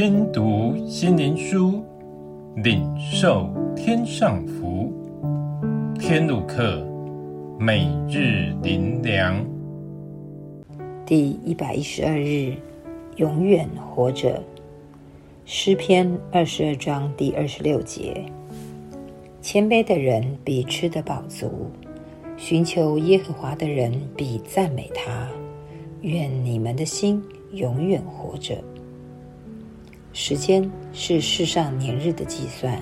聽讀心靈書，領受天上福。天路客，每日靈糧。第一百一十二日，永遠活着。詩篇二十二章第二十六節：謙卑的人必吃得飽足，尋求耶和華的人必讚美他。願你們的心永遠活着。時間是世上年日的計算，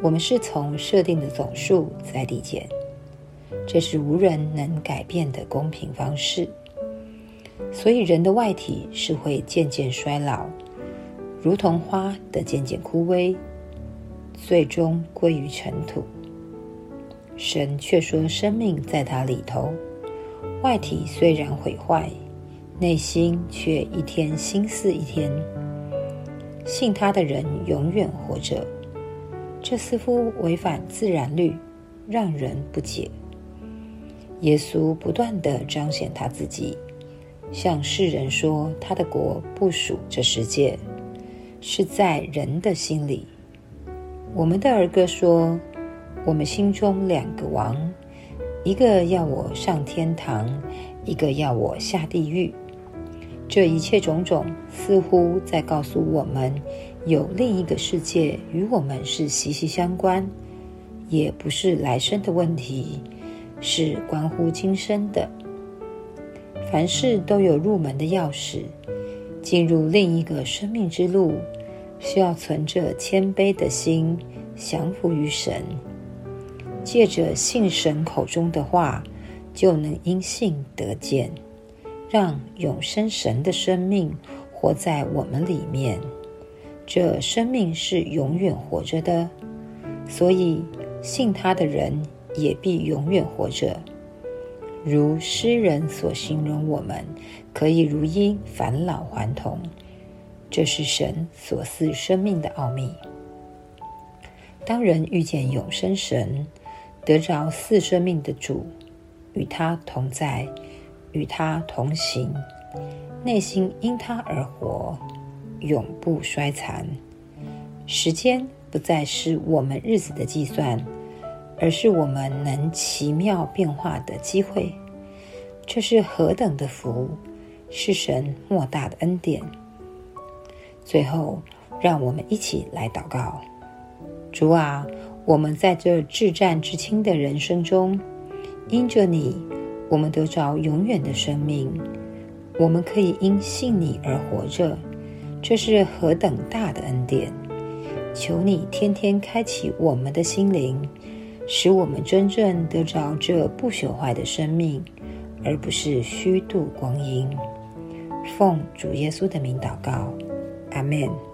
我們是從設定的總數在遞減，這是無人能改變的公平方式。所以人的外體是會漸漸衰老，如同花的漸漸枯萎，最終歸於塵土。神卻說：生命在祂裡頭，外體雖然毀壞，內心卻一天新似一天。信他的人永遠活着，這似乎違反自然律，讓人不解。耶穌不斷的彰顯他自己，向世人說他的國不屬這世界，是在人的心裡。我們的兒歌說，我們心中兩個王，一個要我上天堂，一個要我下地獄。這一切種種，似乎在告訴我們，有另一個世界與我們是息息相關，也不是來生的問題，是關乎今生的。凡事都有入門的鑰匙，進入另一個生命之路，需要存着謙卑的心，降服於神，借着信神口中的話，就能因信得見。讓永生神的生命活在我們裡面，這生命是永遠活着的，所以信他的人也必永遠活着。如詩人所形容，我們可以如鷹返老還童，這是神所賜生命的奧祕。當人遇見永生神，得着賜生命的主，與他同在。與他同行，內心因他而活，永不衰殘。時間不再是我們日子的計算，而是我們能奇妙變化的機會。這是何等的福，是神莫大的恩典。最後，讓我們一起來禱告：主啊，我們在這至暫至輕的人生中，因着你。我們得着永遠的生命，我們可以因信你而活着，這是何等大的恩典！求你天天開啟我們的心靈，使我們真正得着這不朽壞的生命，而不是虛度光陰。奉主耶穌的名禱告，阿們。